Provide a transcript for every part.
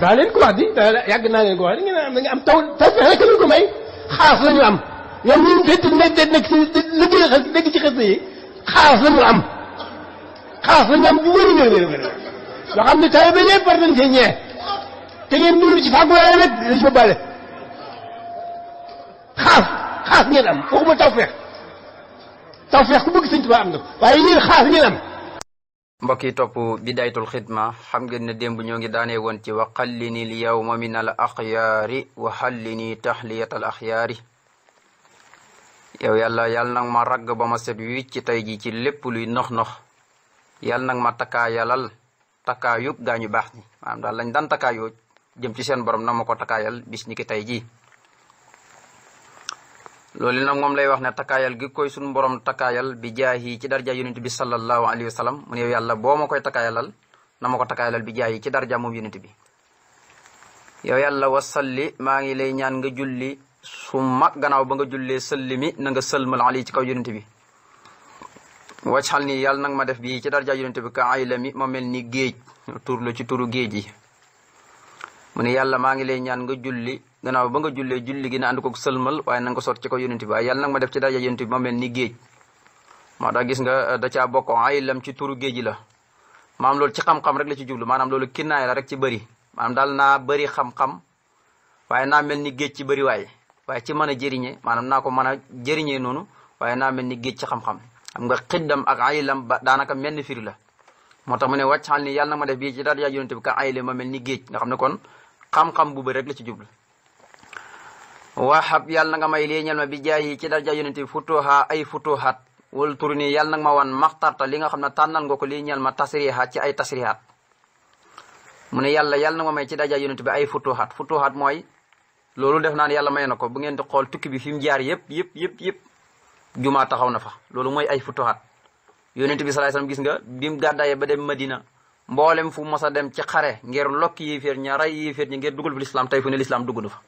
daa leen ko wax di yàgg naa leen ko wax di xam ne nga am taw tawfeex rek lañ ko may xaas la ñu am ñoom ñun fekk nekk nekk ci liggéey xas nekk ci xas yi xaas la ñu am xaas la ñu am bu wér wér wér loo xam ne taw bi lépp war nañ see te ngeen ci fàggu waaye nag dañ fa bale xaas xaas ngeen am waxuma tawfeex tawfeex ku bëgg sëñ Tuubaa am na waaye yéen xaas ngeen mbokk yi topp bidaytul xidma xam ngeen ne démb ñoo ngi daanee woon ci wa xallini l yawma min al axyaari wa xallini taxliyat al axyaari yow yàlla yàlla nag ma ragg ba ma set wi ci tey ji ci lépp luy nox-nox yàlla nag ma takkaayalal takkaayug gaañu baax ñi maanaam daal lañ daan takkaayoo jëm ci seen borom na ma ko takkaayal bis tey ji loolu nag moom lay wax ne takkaayal gi koy suñu borom takkaayal bi jaahi ci darja yonent bi sallallahu alayhi wa sallam mu ne yow yàlla boo ma koy takkaayalal na ma ko takkaayalal bi jaahi ci darja moom yonent bi yow yàlla wasalli maa ngi lay ñaan nga julli summa gannaaw ba nga jullee sëlli mi na nga sëlmal ali ci kaw yonent bi wacxal nii yàlla nag ma def bii ci darja yonent bi ka ayla mi ma mel ni géej tur la ci turu géej yi mu ne yàlla maa ngi lay ñaan nga julli gannaaw ba nga jullee julli gi na ànd koog sëlmal waaye na ko sot ci ko yonent bi waaye yàlla nag ma def ci daja yonent gis nga eh, da caa bokk ay lam ci turu géej la maam loolu ci xam-xam rek la ci jublu maanaam loolu kinnaay la rek ci bëri maanaam daal naa bëri xam waaye naa mel ni géej ci bari waaye waaye ci mën a jëriñee maanaam naa ko mën a jëriñee noonu waaye naa mel ni géej ci xam-xam xam nga xiddam ak ayilam ba daanaka mel ni firi la moo tax mu ne wàcc xal ni yàlla na ma def bii ci daal yaa bi ka ayile ma mel ni géej nga xam ne kon xam-xam bu bëri rek la ci jublu waxab yàlla na nga may lii ñel ma bi jaay yi ci darja jaay bi futuha ay futuhat wal turu nii yàlla nag ma wan maxtarta li nga xam ne tànnal nga ko lii ñel ma tasrihat ci ay tasrihat mu ne yàlla yàlla na ma may ci darja yonent bi ay futuhat futuhat mooy loolu def naa ne yàlla may na ko bu ngeen di xool tukki bi fi mu jaar yëpp yëpp yëpp yëpp jumaa taxaw na fa loolu mooy ay futuhat yonent bi salaay salaam gis nga bim gàddaayee ba dem Madina mboolem fu mos a dem ci xare ngir lokk yéeféer ña rey yéeféer ñi ngir dugal fi lislaam tey dugg na fa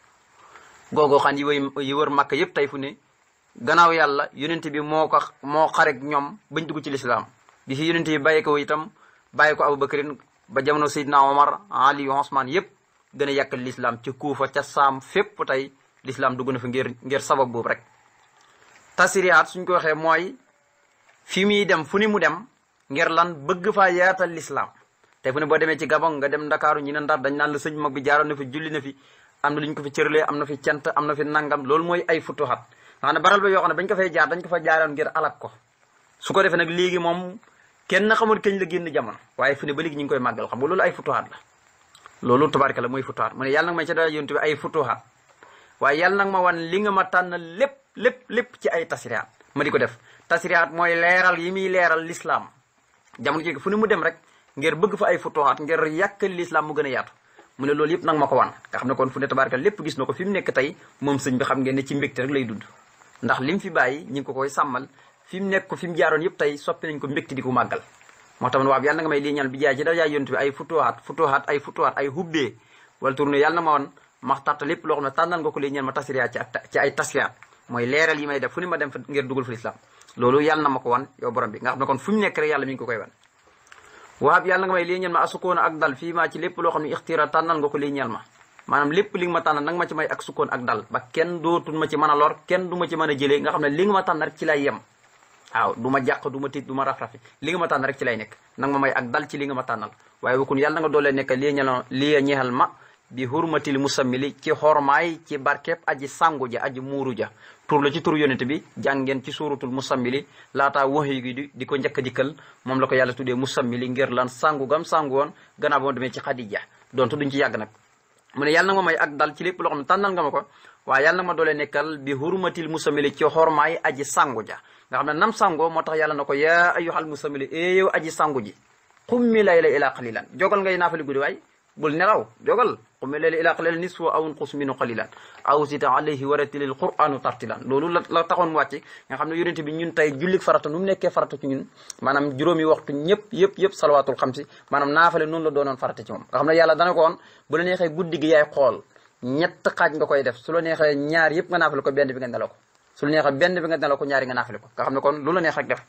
googu xan yi wër yi Makka yëpp tey fu ne gannaaw yàlla yonent bi moo ko moo xarek ñoom bañ dugg ci lislaam bi fi yonent bi bàyyi ko itam bàyyi ko Abubakarin ba jamono Seydina Omar Ali Osman yëpp gën a lislaam ci Kuufa ca Saam fépp tey lislaam dugg na fi ngir ngir sabab boobu rek tasiriyaat suñ ko waxee mooy fi muy dem fu ni mu dem ngir lan bëgg faa yaata lislaam te fu ne boo demee ci Gabon nga dem Ndakaaru ñi ne Ndar dañ naan la sëñ mag bi jaaroon na na fi am na lu ñu fi cërlee am na fi cant am na fi nangam loolu mooy ay futuhat xam ne baral ba yoo xam ne bañ ko fay jaar dañ ko fa jaaroon ngir alak ko su ko defee nag léegi moom kenn xamul kañ la génn jamono waaye fu ne ba léegi ñu ngi koy màggal xam nga loolu ay futuhat la loolu tabaraka la mooy futuhat mu ne yàlla ma ci dara yonent bi ay futuhat waaye yàlla nag ma wan li nga ma tànn lép lépp lépp ci ay tasriyaat ma di ko def tasriyaat mooy leeral yi muy leeral lislaam jamono jii fu ne mu dem rek ngir bëgg fa ay futuhat ngir yàq lislaam mu gën a yaatu mu ne loolu yëpp nag ma ko wan nga xam ne kon fu ne tabaraka nekk tey moom bi xam ngeen ne ci mbégte rek lay dund ndax lim fi bàyyi ñi ngi ko koy sàmmal fi mu nekk ko fi mu jaaroon yëpp tey soppi nañ ko mbégte di ko màggal moo tax man waaw ay futuhaat futuhaat ay futuhaat ay hubbee wala tourné yàlla na ma wan ma tàtta lépp loo xam ne tànnal nga ko lii ñaan ma tasiriyaat ci ay tasiriyaat mooy leeral yi may def fu ne ma dem fa ngir dugal fa loolu yàlla na ma ko wan yow borom bi nga xam ne kon fu nekk rek yàlla mi ngi ko koy wan waab yàlla nga may lii ñeel ma asukoon ak dal fii maa lépp loo xam ne ixtira tànnal ma maanaam lépp li nga ma tànnal nanga ma ak sukkoon ak dal ba ma ci mën a lor kenn du ma ci a jëlee xam ne li nga ma tànn rek ci lay yem waaw du ma du ma tiit du ma raf-rafi li nga ma tànn rek ci lay nekk nanga ma may ak dal ci li nga ma tànnal waaye wakun yàlla nga doolee nekk lii ñeel lii ñeexal ma bi hurmatil musammili ci xormaay ci barkeb aji sangu ja aji muuru ja tur la ci tur yonent bi jàng ngeen ci suuratul musammili laataa waxyu gi di ko njëkk a dikkal moom la ko yàlla tuddee musammili ngir lan sangu gam sangu woon gannaaw ba ma demee ci xadija donte duñ ci yàgg nag mu ne na ma may ak dal ci lépp loo xam ne tànnal nga ma ko waaye yàlla na ma doole nekkal bi hurmatil musammili ci xormaay aji sangu ja nga xam ne nam sangoo moo tax yàlla na ko yaa ayyuhal musammili ee eh aji sangu ji xummi ila qalilan bul nelaw jogal qum layla ila qalil nisfu aw unqus minhu qalilan aw zid alayhi wa rattilil qur'ana tartilan loolu la la taxoon mu wàcc nga xam ne yonent bi ñun tey jullik mu nekkee nga xam ne yàlla dana ko woon bu guddi gi yaay xool ñett xaaj nga koy def su la neexee ñaar yëpp nga naafale ko bi nga nelaw nga naafale ko nga xam ne kon lu la neex def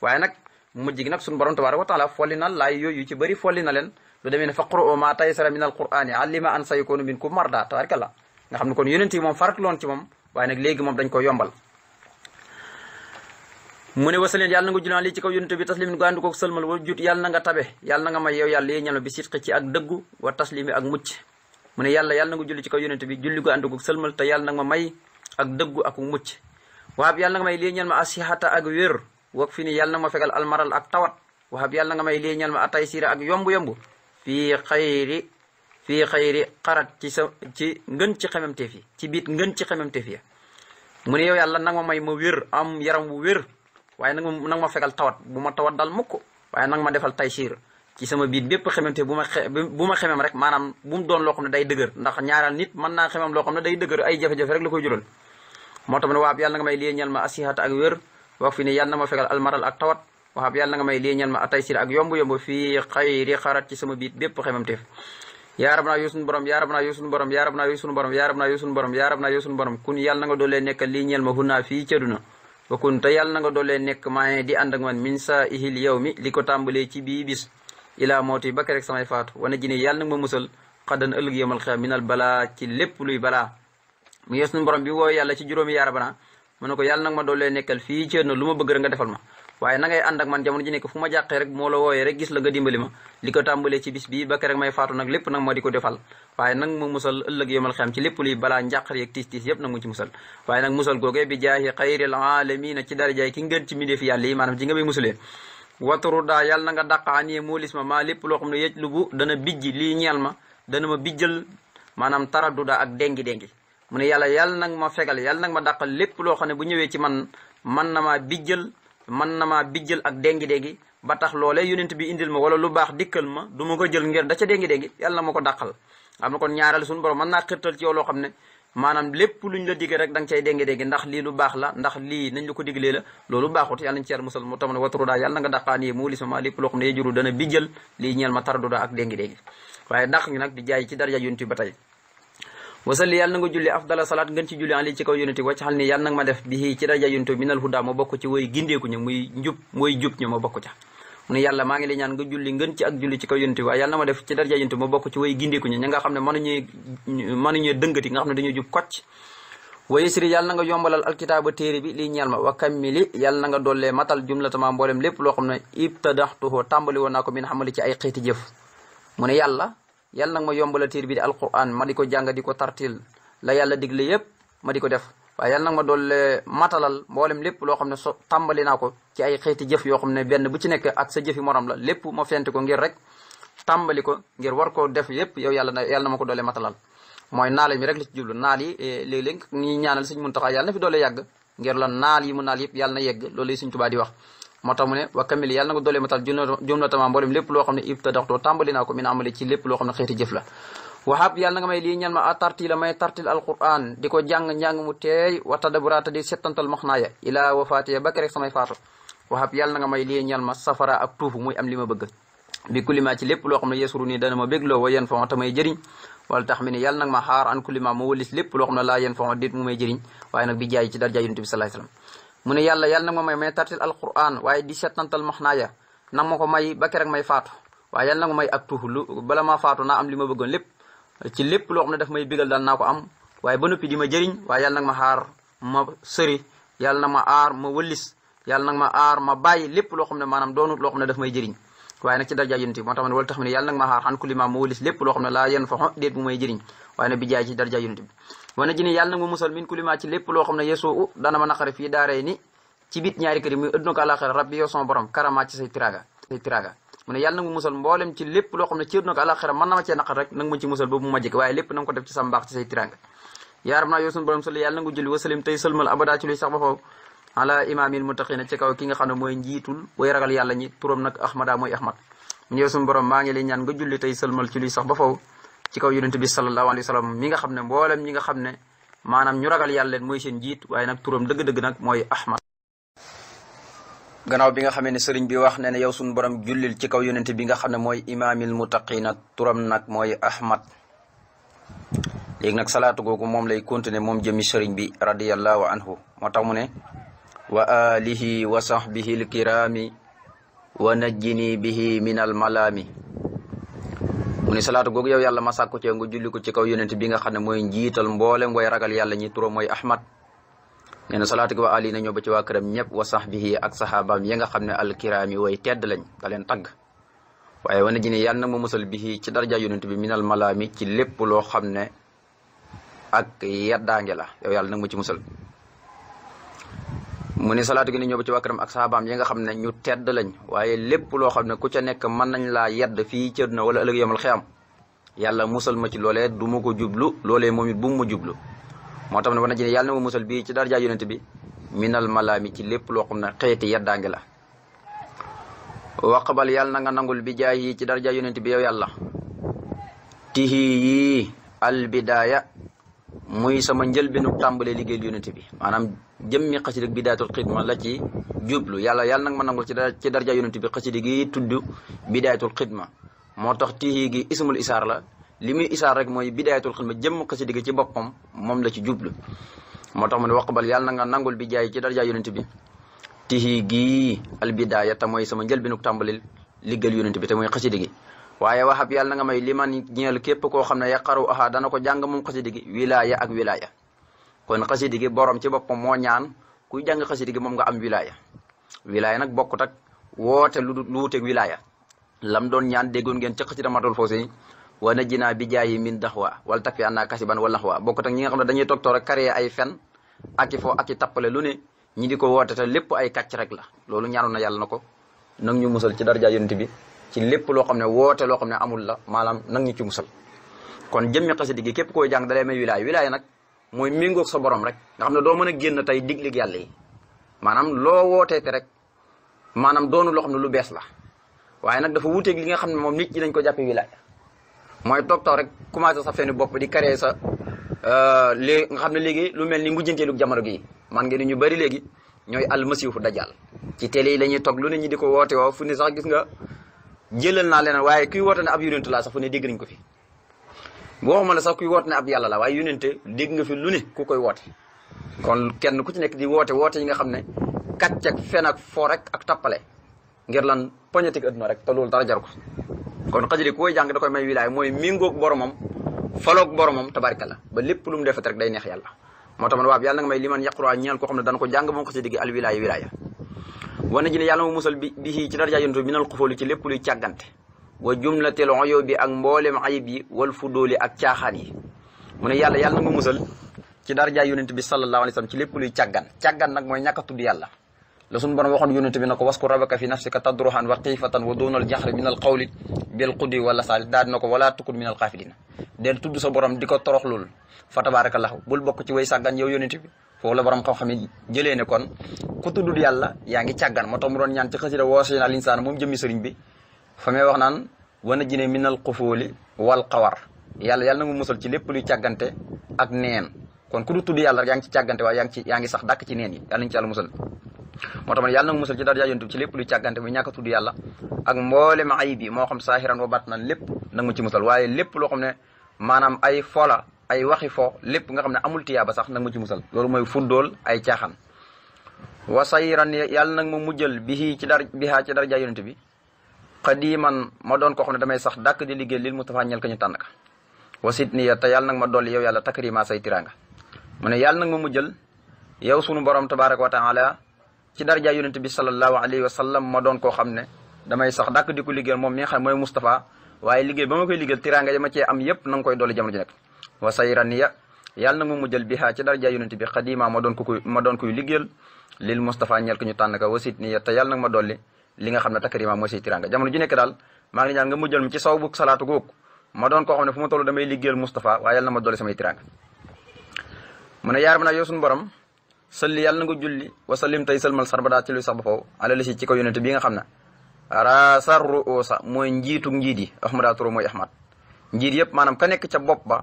waaye nag mujj gi nag suñu borom tabaaraka wa taala folli na laay yooyu ci bëri folli na lu demee ne fa qur'u ma taysara min alqur'ani allima an sayakunu minkum marda tabarakallah nga xam ne kon yonent yi moom faratuloon ci moom waaye nag léegi moom dañ ko yombal mu ne wasaleen yàlla na nga julaan lii ci kaw yonent bi taslim nga ànd kook sëlmal wa jut na nga tabe yàlla nga may yow yàlla yi ñal ma bi sitqi ci ak dëggu wa ak mucc mu ne yàlla yàlla na nga julli ci kaw yonent bi julli gu ànd kook sëlmal te yàlla na nga ma may ak dëggu ak mucc yàlla na may lii ñal ma asihata ak wér wak fi ni yàlla na nga ma fegal almaral ak tawat waab yàlla na nga may lii ñal ma atay siira ak yomb-yomb fii xayri fii xayri xarat ci sa ci ngën ci xememteef fi ci biit ngën ci xememteef fi mu ne yow yàlla nag ma may ma wér am yaram wu wér waaye nag ma nag ma fegal tawat bu ma tawat dal mukk waaye nag ma defal taysiir ci sama biit bépp xememteef bu ma xe bu ma xemem rek maanaam bu mu doon loo xam ne day dëgër ndax ñaaral nit mën naa xemem loo xam ne day dëgër ay jafe-jafe rek la koy jural moo tax ne waab yàlla nga may lii ñal ma asihaata ak wér wax fi ne yàlla na ma fegal waxab yàlla nga may lii ma atay sir ak yomb-yomb fii xayri xarat ci sama biit bépp xemamteef yaa rab naa yow sunu borom yaa rab naa yow sunu borom yaa rab borom yaa rab naa yow sunu borom yaa rab naa yow sunu borom kun yàlla na nga doolee nekk lii ñeel te yàlla na nga doolee nekk maaye di ànd ak man min saa ihil mi li ko tàmbalee ci bii bis ilaa mooti ba rek samay faatu wana jine yàlla nag ma musal xaddan ëllëg yowmal xiyaam minal balaa ci lépp luy balaa mu yow sunu borom bi woo yàlla ci juróomi yaa rab a mu ko yàlla nag ma doolee nekkal fii cëduna lu ma bëgg rek nga defal ma waaye nanga ngay ànd ak man jamono ji nekk fu ma jàqee rek moo la wooyee rek gis la nga dimbali ma li ko tàmbalee ci bis bii ba rek may faatu ko defal waaye nag mu musal ëllëg yomal balaa njàqar yeeg tiis tiis yépp nag mu ci musal waaye nag musal googee bi jaahi xayril aalamiina loo xam ne yëj lu bu lii ñeel ma ma bijjal maanaam taradduda ak déngi-déngi mu yàlla yàlla nag ma fegal yàlla nag ma dàqal lépp loo xam ne bu ñëwee ci man man na maa bijjal mën na ma bijjal ak déngi-déngi ba tax loolee yonent bi indil ma wala lu baax dikkal ma du ma ko jël ngir da ca déngi-déngi yàlla ma ko dàqal am na kon ñaareel suñu borom loo xam ne maanaam lépp luñ la digee rek nga cay déngi-déngi ndax lii lu baax la ndax lii nañ la ko diglee la loolu baaxut yàlla nañ ci yàlla musal mu tam ne watrudaa yàlla na nga dàqaan yi mu lisama lépp loo xam ne yejuru dana bijjal lii ñeel ma tarduda ak déngi-déngi waaye dàq ngi nag di jaay ci daraja yonent bi ba tey waa yàlla na nga julli afdala salaat ngën ci julli ali ci kaw yonente wacc xal ni yàlla nag ma def bii ci daraja yonente minal huda ma bokk ca mu yàlla maa ngi lay ñaan nga julli ngën ci ak julli ci kaw yonente waaye yàlla na ma def ci daraja yonente ma bokk ci woy gindeeku ñu ña nga xam ne mënuñuy mënuñuy dëngati nga xam ne dañuy jub kocc wa yusri yàlla na nga yombalal alkitaaba téere bi lii ñeel ma wa kammili yàlla na nga dollee matal jumlatama mboolem lépp loo xam ne ibtadaxtuhu tàmbali woon naa ko min xamali ci ay xeeti jëf mu ne yàlla yàlla nag ma yombala tiir bi di alquran ma di ko jàng di ko tartil la yàlla digle yépp ma di ko def waaye yàlla nag ma doole matalal mboolem lépp loo xam ne so tàmbali naa ko ci ay xeeti jëf yoo xam ne benn bu ci nekk ak sa jëfi morom la lépp moo fent ko ngir rek tàmbali ko ngir war ko def yépp yow yàlla na yàlla na ma ko doole matalal mooy naal mi rek la ci jublu naal yi eh, léeg-léeg ñi ñaanal sëñ Muntaxa yàlla na fi doole yàgg ngir la naal yi mu naal yëpp yàlla yegg loolu lay sëñ di wax moo tax wa kamil yàlla na ko doolee matal jumlatama mboolem lépp loo xam ne ibtadaxtoo tàmbali naa ko min amali ci lépp loo xam ne xeeti jëf la wahab yàlla na nga may lii ñan ma a tartila may ko jàng na ma safara ci lépp loo xam ne yesuru nii dana ne yàlla nag ma xaar an kulima ma wëlis lépp loo xam ne laa yen fa mu may jëriñ waaye nag bi jaay ci darja yonent bi sallallahu alayhi wasallam mu ne yàlla yàlla na ma may may tartil alquran waaye di setantal max naa ya na ma ko may ba may faatu waaye yàlla na ma may ak tuuxlu bala maa faatu na am li ma bëggoon lépp ci lépp loo xam ne daf may bigal daal naa ko am waaye ba noppi di ma jëriñ waaye nag ma xaar ma sëri yàlla na ma aar ma wëllis yàlla nag ma aar ma bàyyi lépp loo xam ne maanaam doonut loo xam ne daf may jëriñ waaye nag ma xaar xan kulli ma ma wëllis lépp loo xam ne laa yenn fa déet bu bi jaay ci darja yonent bi wana jini yàlla na nga musal min kulima ci lépp loo xam ne yesoo u dana ma naqare fii ni ci bit ñaari kër yi muy ko àlaxira rabbi yow borom karama ci say tiraga say tiraga mu na nga musal mboolem ci lépp loo xam borom xam ne mooy njiitul way ragal yàlla maa ngi lay ñaan nga julli tey sëlmal ci luy sax ba faw ci kaw yonent bi sallallahu alayhi wa sallam mi nga xam ne boolem ñi nga xam ne maanaam ñu ragal yàlla leen mooy seen jiit waaye nag turam dëgg-dëgg nag mooy ahmad gannaaw bi nga xamee ne sëriñ bi wax ne ne yow suñu borom jullil ci kaw yonent bi nga xam ne mooy imaamil muttaqina turam nag mooy ahmad léegi nag salaatu googu moom lay continuer moom jëmi sëriñ bi radiallahu anhu moo tax mu ne wa alihi wa sahbihi alkiraami wa najjini bihi min almalaami mu ne salaatu googu yow yàlla ma sàkku cee nga julli ko ci kaw yonent bi nga xam ne mooy njiital mboolem way ragal yàlla ñi turam mooy ahmad nee na salaatu gi waa ali na ñëw ba ci waa këram ñëpp wa sahbihi ak sahabaam yi nga xam ne alkiraami way tedd lañ da leen tagg waaye wane ji ne yàlla nag ma mosal bi ci darja yonent bi minal malaami ci lépp loo xam ne ak yeddaange la yow yàlla nag ma ci musal mu ni salaatu gi ni ñëw ba ak saabaam yi nga xam ne ñu tedd lañ waaye lépp loo xam ne ku ca nekk mën nañ laa yedd fii ci àdduna wala ëllëg yomal xiyam yàlla musal ma ci loolee du ma ko jublu loolee moom it bu mu ma jublu moo tam ne war na ci ne yàlla na musal bii ci darajaa yonent bi minal malaami ci lépp loo xam ne xeeti yeddaangi la waqbal yàlla na nga nangul bi jaay yi ci darajaa yonent bi yow yàlla tihi yii muy sama njëlbeenu tàmbalee liggéey yonent bi maanaam jëmmi xasida bi bidaayatul xidma la ci jublu yàlla yàlla nanga ma nangul ci ci darja yonent bi xasida gi tudd bidaayatul xidma moo tax tihi gi ismul isaar la li muy isaar rek mooy bidaayatul xidma jëmm xasida gi ci boppam moom la ci jublu moo tax mu ne waqbal yàlla na nga nangul bi jaay ci darja yonent bi tihi gii al bidaaya te mooy sama njëlbeenu tàmbaleel liggéeyal yonent bi te mooy xasida gi waaye waxab yàlla na nga may liman ñeel képp koo xam ne yaqaru aha dana ko jàng moom xasida gi wilaya ak wilaya kon xasida gi borom ci boppam moo ñaan kuy jàng xasida gi moom nga am wilaya wilaya nag bokkut ak woote lu wuuteeg wilaya lam doon ñaan déggoon ngeen ci xasida matul fawsi wa najjinaa bi jaayi min daxwa wala takfi annaa kasiban wala naxwa bokkut ak ñi nga xam ne dañuy toog toog rek ay fen ak i fo ak tappale lu ne ñi di ko woote te lépp ay kàcc rek la loolu ñaanu na yàlla na ko nag ñu musal ci darja yonent bi ci lépp loo xam ne woote loo xam ne amul la maanaam nag ñu ci musal kon jëmmi xasida gi képp koy jàng dalay may wilaay wilaay nag mooy méngoog sa borom rek nga xam ne doo mën a génn tey diglig yàlla maanaam loo wooteete rek maanaam doonu loo xam ne lu bees la waaye nag dafa wuuteeg li nga xam ne moom nit ñi ko jàppe wilaay mooy toog taw rek commencé sa feeni bopp di créer sa euh, lée nga xam ne léegi lu mel ni mujjanteelu jamono gi man ngeen ñu bari léegi ñooy almasihu dajal ci télé yi la ñuy lu ne ñi di woote woo fu ne sax gis nga jëlal naa leneen waaye kuy woote ne ab yonent laa sax fu ne dégg nañ ko fi boo waxuma ne sax kuy woote ne ab yàlla la waaye yonent dégg nga fi lu ne ku koy woote kon kenn ku ci nekk di woote woote yi nga xam ne kàcc fenak fen ak fo rek ak tappale ngir lan poñetik adduna rek te loolu dara jar ko kon xajari ku koy jàng da koy may wilaay mooy mingoog boromam faloog boromam tabarikalla ba lépp lu mu defet ko jàng moom ko si digg wane ji ne yàlla moo musal bi bi ci daraja yonent bi minal xufooli ci lépp luy càggante wa jumlatil uyub bi ak mboolem ayib yi wal fudóoli ak caaxaan yi mu ne yàlla yàlla na ma musal ci daraja yonent bi sallallahu alayhi wa sallam ci lépp luy càggan càggan nag mooy ñàkk a tudd yàlla la suñu borom waxoon yonent bi na ko wasku rabaka fi nafsika tadruhan wa xiifatan wa doonal jaxri min al qawli bil qudwi wala saali daal dina ko wala tukun min al xaafilina del borom di ko toroxlul fa tabarakallahu bul bokk ci way sàggan yow yonent bi foofu la borom xam-xam yi ne kon ku tuddul yàlla yaa ngi càggan moo tax mu doon ñaan ci xasida waasina al insaan moom jëmmi sëriñ bi fa may wax naan wana jine minal xufooli wal xawar yàlla yàlla na nga musal ci lépp luy càggante ak neen kon ku du tudd yàlla rek yaa ngi ci càggante waaye yaa ngi ci yaa ngi sax dàkk ci neen yi yàlla nañu ci yàlla musal moo tax man yàlla na nga musal ci lépp luy càggante muy ñàkk a tudd yàlla ak mboolem ayib yi moo xam saahiran wa batnan lépp nag ma ci musal waaye lépp loo xam ne maanaam ay fola ay waxi fo lépp nga xam ne amul tiyaa ba sax nag ma ci musal loolu mooy fuddool ay caaxaan wa sayran yàlla nag ma mujjal bi ci dar bihaa ci darja yonente bi xadiman ma doon ko xam ne damay sax dàkk di liggéey lil Mustafa ñel ka ñu tànn ka wasit ni te yàlla ma dolli yow yàlla takrima say tiraanga mu ne yàlla nag ma mujjal yow sunu borom tabaraka wa taala ci darja yonente bi sallallahu alayhi wa sallam ma doon koo xam ne damay sax dàkk di ko liggéeyal moom mi nga xam ne mooy Mustafa waaye liggéey ba ma koy liggéeyal tiraanga ya ma cee am yépp na nga koy dolli jamono ji nekk wa sayraniya yàlla na mu mujjal bihaa ci daraja yonent bi xadima ma doon ko kuy ma doon kuy liggéeyal lil Moustapha ñeel ko ñu tànn ka wasit ni te yàlla nag ma dolli li nga xam ne takarima mooy say tiranga jamono ju nekk daal maa ngi ñaan nga mujjal mu ci saw bu salaatu goog ma doon koo xam ne fu ma toll damay liggéeyal Moustapha waaye yàlla na ma dolli samay tiranga mu ne yaar naa yow suñu borom salli yàlla na nga julli wa sallim tay salmal sarbadaa ci luy sax ba faw ala li si ci ko yonent bi nga xam ne raasarru oosa mooy njiitu njiit yi ahmada turo mooy ahmad njiit yëpp maanaam ka nekk ca bopp ba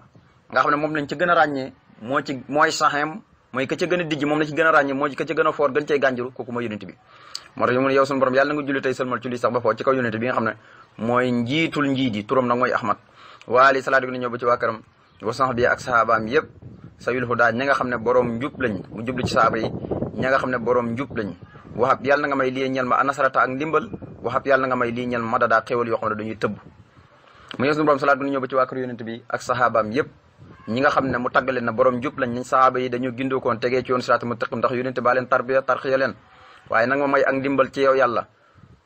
nga xam ne moom lañ ci gën a ràññee moo ci mooy saxeem mooy ka ca gën a dijj moom la ci gën a ràññee moo ka ca gën a foor gën cay gànjuru kooku mooy yonent bi moo tax ñu mun yow sunu nga xam ne mooy njiitul njiit yi turam nag mooy ahmad waali salaatu na ñëw ba ci waa këram wa sax bi ak nga xam ne borom njub lañ ña nga xam ne borom njub lañ waxab yàlla na nga may ma anasarata ak ndimbal yoo xam ne dañuy tëbb mu yow sunu borom salaatu na ñëw ba ci waa kër yonent bi ak sahabaam yëpp ñi nga xam ne mu tàggale na borom jub lañ nañ sahaaba yi dañu gindookoon tegee ci yoon siraatu mustaqim ndax yonente baa leen tarbiya tarxiya leen waaye nag ma may ak ndimbal ci yow yàlla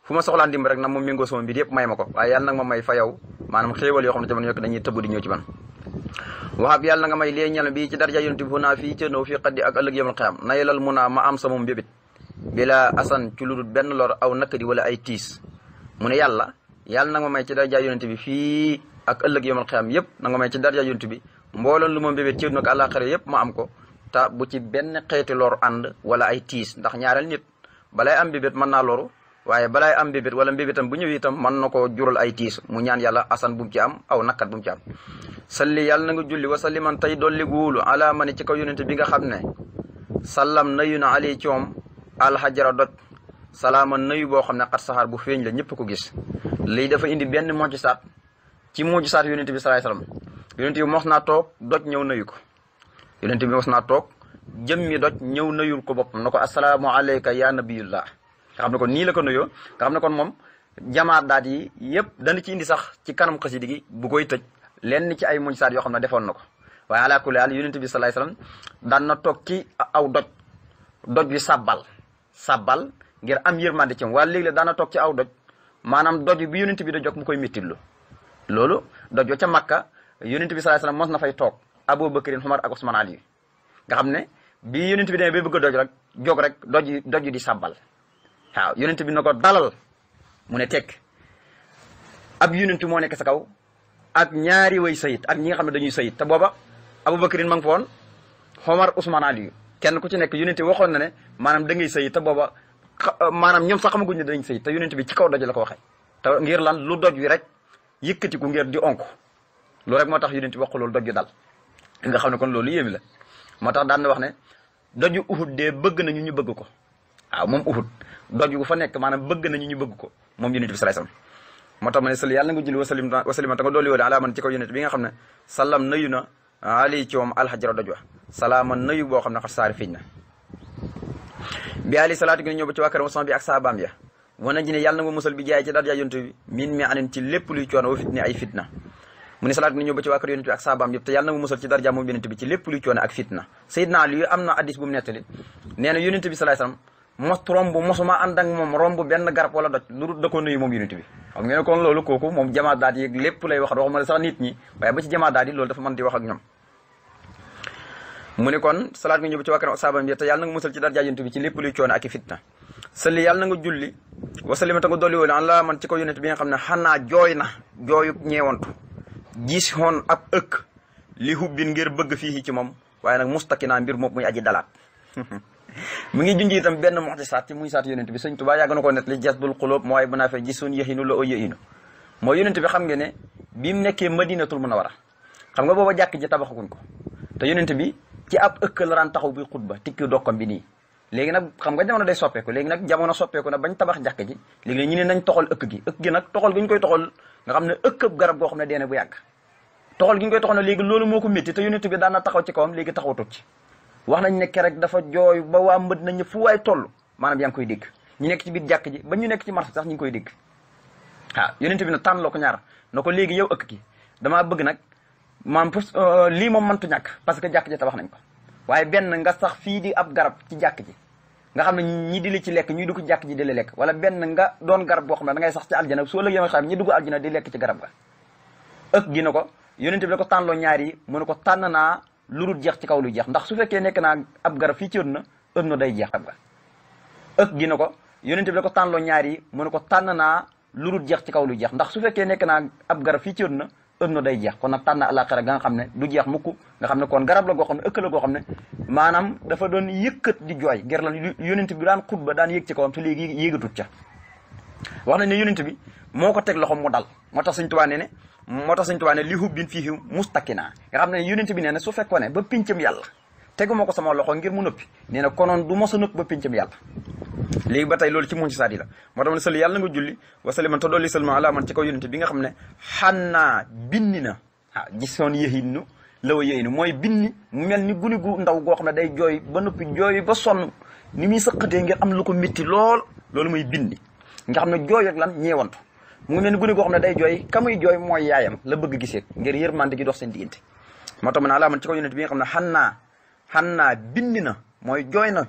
fu ma soxlaa ndimbal rek nag moom méngoo sama mbir yëpp may ma ko waaye yàlla nag ma may fa yow maanaam xéewal yoo xam ne jamono yokk dañuy tëbb di ñëw ci man waxaab yàlla nga may lee ñal bi ci darja yonente bi hunaa fii cënoo fii xaddi ak ëllëg yamal ma am sama mbébit bila asan ci ludul benn lor aw nakadi wala ay tiis mu ne yàlla yàlla na nga may ci darja yonente bi fii ak ëllëg yomal xiyam yëpp na nga may ci darja yonente bi mbooloon lu ma mbébét ci nag àllaaxira yëpp ma am ko ta bu ci benn xeeti loor ànd wala ay tiis ndax ñaareel nit balay am mbébét mën naa loru waaye balay am mbébét wala mbébétam bu ñëw itam mën na koo jural ay tiis mu ñaan yàlla asan bu mu ci am aw nakkat bu mu ci am salli yàlla na nga julli wa salliman tey dolli guulu ala mani ci kaw yonente bi nga xam ne sallam nayu na ali coom alxajara doj salaama nayu boo xam ne xat saxaar bu feeñ la ñëpp ko gis lii dafa indi benn mujjisaat ci mujjisaat yonente bi salaay salaam yonent bi mos naa toog doj ñëw nuyu ko yonent bi mos naa toog jëm mi doj ñëw nuyul ko boppam na ko asalaamu aleyka ya nabiyullah nga xam ne kon nii la ko nuyoo nga xam ne kon moom jamaat daat yi yëpp dana ci indi sax ci kanam xasidi gi bu koy tëj lenn ci ay muñ saat yoo xam ne defoon na ko waaye ala kulli haal yonent bi salaay daan na toog ci aw doj doj bi sàbbal sàbbal ngir am yërmande ci waaye léegi la daan na toog ci aw doj maanaam doj bi yonent bi da jog mu koy méttilu loolu ca Makka yonent bi sallallahu alayhi wasallam mos na fay toog Abu Bakrin Umar ak Usman Ali nga xam ne bi yonent bi demee ba bëgg a doj rek jóg rek doj doj di sàbbal waaw yonent bi na ko dalal mu ne tekk ab yonent moo nekk sa kaw ak ñaari way sayit ak ñi nga xam ne dañuy sayit te booba Abu Bakrin ma ngi fa woon Umar Usman Ali kenn ku ci nekk yonent bi waxoon na ne maanaam da ngay sayit te booba maanaam ñoom sax xamaguñ ne danañ sayit te yonent bi ci kaw doj la ko waxee te ngir lan lu doj wi rek yëkkatiku ngir di onk loolu rek moo tax yonent bi wax loolu doj dal nga xam ne kon loolu yéemi la moo tax daan na wax ne doju uhud de bëgg nañu ñu bëgg ko waaw moom uhud doj bu fa nekk maanaam bëgg na ñu bëgg ko moom yonent bi sallallahu alayhi wasallam moo tax ma ne sëli yàlla nga julli wasalim wasalima ta nga dooli woode alaa man ci kaw yonent bi nga xam ne sallam nayu na ali ci doj wa salaama nayu boo xam ne xat saari fiñ na bi ali salaatu gi ne ñëw ba ci waa këram bi ak saabaam ya wana ji ne yàlla na nga musal bi jaay ci daat yaay yonent bi min mi anen ci lépp luy coono wa fitne ay fitna mun ne salaatu na ñëw ba ci waa kër yonent bi ak saabaam yëpp te yàlla na mu ko nuyu moom yonent bi xam ngeen kon loolu kooku moom yi lépp lay wax mu ne kon salaat nga ñëw ci wàkkan saabaam bi te yàlla na nga ci darja luy coono ak i fitna sëli yàlla na nga julli wasalima ta nga dolli woon man ci ko yonent bi nga xam ne xanaa jooy na jooyu ñeewantu gis xoon ab ëkk li hubbin ngir bëgg fii ci moom waaye nag mustakinaa mbir moom muy aji dalaat mu ngi junj itam benn moxti saat ci muy saat yonent bi sëñ Tuubaa yàgg na ko net li jasbul xulóob mooy bu naa fee gisoon yëxinu la oo yëxinu mooy yonent bi xam nga ne bi mu nekkee a munawara xam nga booba jàkk ji tabaxaguñ ko te yonent bi ci ab ëkk la daan taxaw bi xutba tikki dokkam bi nii léegi nag xam nga jamono day soppeeku léegi nag jamono soppeeku na bañ tabax jàkk ji léegi nag ñu ne nañ toxal ëkk gi ëkk gi nag toxal gi ñu koy toxal nga xam ne ëkkëb garab goo xam ne deene bu yàgg toxal gi ñu koy toxal na léegi loolu moo ko métti te yonent bi daan na taxaw ci kawam léegi taxawatut ci wax nañ ne kerek dafa jooy ba waa mët nañ fu waay toll maanaam yaa ngi koy dégg ñu nekk ci biir jàkk ji ba ñu nekk ci marché sax ñu koy dégg waaw yonent bi na tànn la ko ñaar na ko léegi yow ëkk gi damaa bëgg nag maam euh, lii moom mëntu ñàkk parce que jàkk ji tabax nañ ko waaye benn nga sax fii di ab garab ci jàkk ji nga xam ne ñi di li ci lekk ñuy dugg jàkk ji di la lekk wala benn nga doon garab boo xam ne da ngay sax ci aljana soo la yoma xam ñi dugg aljana di lekk ci garab ga ëk gi na ko yonente bi da ko tànnloo ñaar yi mu ko tànn naa lu dul jeex ci kaw lu jeex ndax su fekkee nekk naa ab garab fii ci na ëdna day jeex garab ga gi na ko yonente bi da ko tànnloo ko tànn naa lu dul ci kaw lu jeex ndax su fekkee nekk naa ab garab fii ci na ënn day jeex ko nag tànn àllaaxira ga nga xam ne du jeex mukk nga xam ne kon garab la goo xam ne ëkk la goo xam ne maanam dafa doon yëkkat di jooy ger lan yonent bi daan xutba daan yëg ci kawam te léegi yéegatut ca wax na ne yonent bi moo ko teg loxo mu dal moo tax Sëñ Tuubaa ne ne moo tax waa Tuubaa ne li hubbin fiihi mustakina nga xam ne yonent bi nee ne su fekkoon ne ba pincam yàlla teguma ko sama loxo ngir mu noppi nee na konoon du mos a noppi ba péncam yàlla léegi ba tey loolu ci mun ci la moo tax ne sëli yàlla nga julli wasaliman te dolli seulement ala man ci kaw yonente bi nga xam ne xannaa binni na ah gisoon yëhinnu la wa yëhinnu mooy binni mu mel ni guni gu ndaw goo xam ne day jooy ba noppi jooy ba sonn ni muy sëqatee ngir am lu ko métti lool loolu muy binni nga xam ne jooy rek lan ñeewantu mu ngi mel ni gune goo xam ne day jooy ka muy jooy mooy yaayam la bëgg gisee ngir yërmande gi dox seen diggante moo tax mu ne alaa man ci kaw yonente bi nga xam ne xannaa xannaa binni na mooy jooy na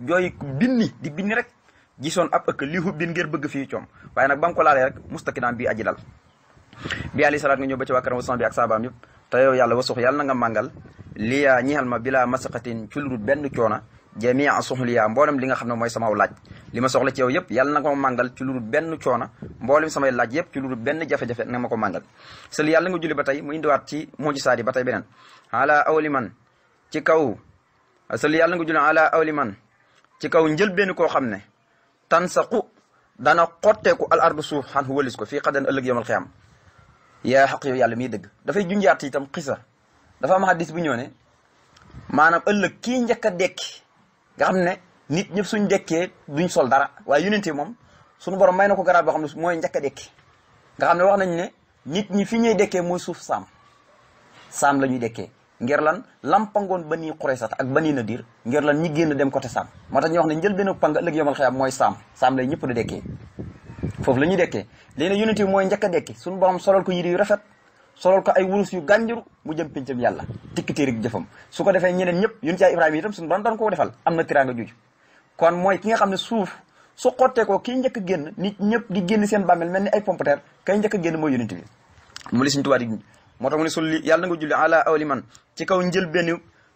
jooy binni di binni rek gisoon ab ëkk lii hubbin ngir bëgg fii coom waaye nag ba nga ko laalee rek mustakinaan bii aji dal bi alayhi salaat nga ñëw ba ci waa karam wasan bi ak saabaam yëpp te yow yàlla mangal yàlla na nga màngal liyaa ñixal ma bilaa masaqatin ci lu benn coona jamia suxliyaa mboolem li nga xam ne mooy samaw laaj li ma soxla ci yow yëpp yàlla na màngal ci lu benn coona mboolem samay laaj yëpp ci lu benn jafe-jafe na ma ko màngal sëli yàlla nga julli ba tey mu waat ci mujisaat yi ba tey beneen ci kaw asal yàlla nga jul ala awli man ci kaw njël njëlbeen koo xam ne tan tansaqu dana xotteeku al ardu suuf xan hu ko fii xadan ëllëg yawmal qiyaam ya xaq yow yàlla miy dëgg dafay junjaat itam xisa dafa am hadis bu ñëw ne maanaam ëllëg kii njëkk a nga xam ne nit ñëpp suñ dekkee duñ sol dara waaye yonente moom suñu borom may na ko garaat boo xam ne mooy njëkk a nga xam ne wax nañ ne nit ñi fi ñuy dekkee mooy suuf saam saam la ñuy dekkee ngir lan lampangoon ba nii Quraysat ak ba nii Nadir ngir lan ñi génn dem côté Saam moo ta ñu wax ne njël benn pang ëllëg yomal xëyam mooy Saam Saam lay ñëpp di dekkee foofu la ñuy dekkee léegi nag yonent bi mooy njëkk a dekki suñu borom solal ko yére rafet solol ko ay wurus yu gànjur mu jëm pincam yàlla tikki téerig jëfam su ko defee ñeneen ñëpp yun ci ay Ibrahima itam suñu borom doon am na tiraanga juju kon mooy ki nga xam ne suuf su xottee ko kii njëkk génn nit ñëpp di génn seen bàmmeel mel ni ay pompetère kay njëkk génn mooy yonent bi mu li suñ moo tax mu ne sulli yàlla nga julli ala awli man ci kaw njël njëlbéenu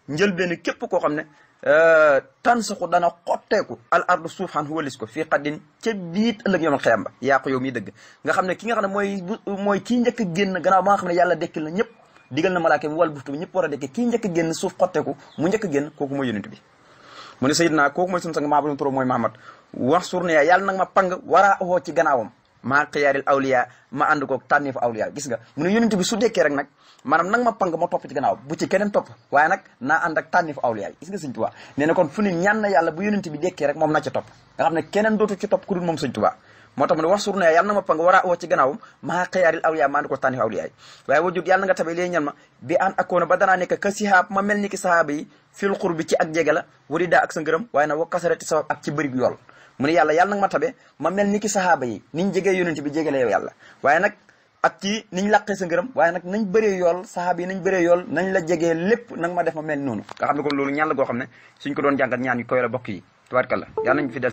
njëlbéenu képp koo xam ne euh, tan saxu dana xotteeku al ardu suuf xan walis ko fii xaddin ca biit ëllëg yomal xiyam ba yaa ko yow miy dëgg nga xam ne ki nga xam ne mooy mooy kii njëkk a génn gannaaw ba nga xam ne yàlla dekkil na ñëpp digal na malaaka wal buftu bi ñëpp war a dekke kii njëkk a génn suuf xotteeku mu njëkk a génn kooku mooy yonent bi mu ne sayidna kooku mooy sunu sang maa bu turam mooy Mahamad wax surne yàlla nag ma pang waraa woo ci gannaawam maa xiyaaril awliya ma ànd koog tànneefu awliya gis nga mu ne yonent bi su dekkee rek nag maanaam nag ma pang ma topp ci gannaaw bu ci keneen topp waaye nag na ànd ak tànneefu awliya gis nga sëñ Tuubaa nee na kon fu ne ñaan na yàlla bu yonent bi dekkee moom na ca topp nga xam ne keneen dootu ci topp ku dul moom sëñ Tuubaa moo tax mu ne wax surne yàlla na ma pang war a oo ci gannaawam maa xëyaaril awliya maa di ko tànni awliyaay waaye wajud yàlla nga tabe ma bi ma mel ni ki sahaaba yi fil xur jege la wari daa ak sa waaye nag wa kasarati sabab ak ci bëri yàlla yàlla ma ma mel ni ki sahaaba yi niñ jegee yonent bi jege la yow yàlla waaye nag ak ci niñ làqee sa ngërëm waaye nag nañ bëree yool sahaaba yi nañ bëree yool nañ la jege lépp nag ma def ma mel noonu nga xam ne kon loolu ñal la goo xam ne suñ ko doon jàngat ñaan yu koy la bokk yi tubaarkalla yàlla nañ fi des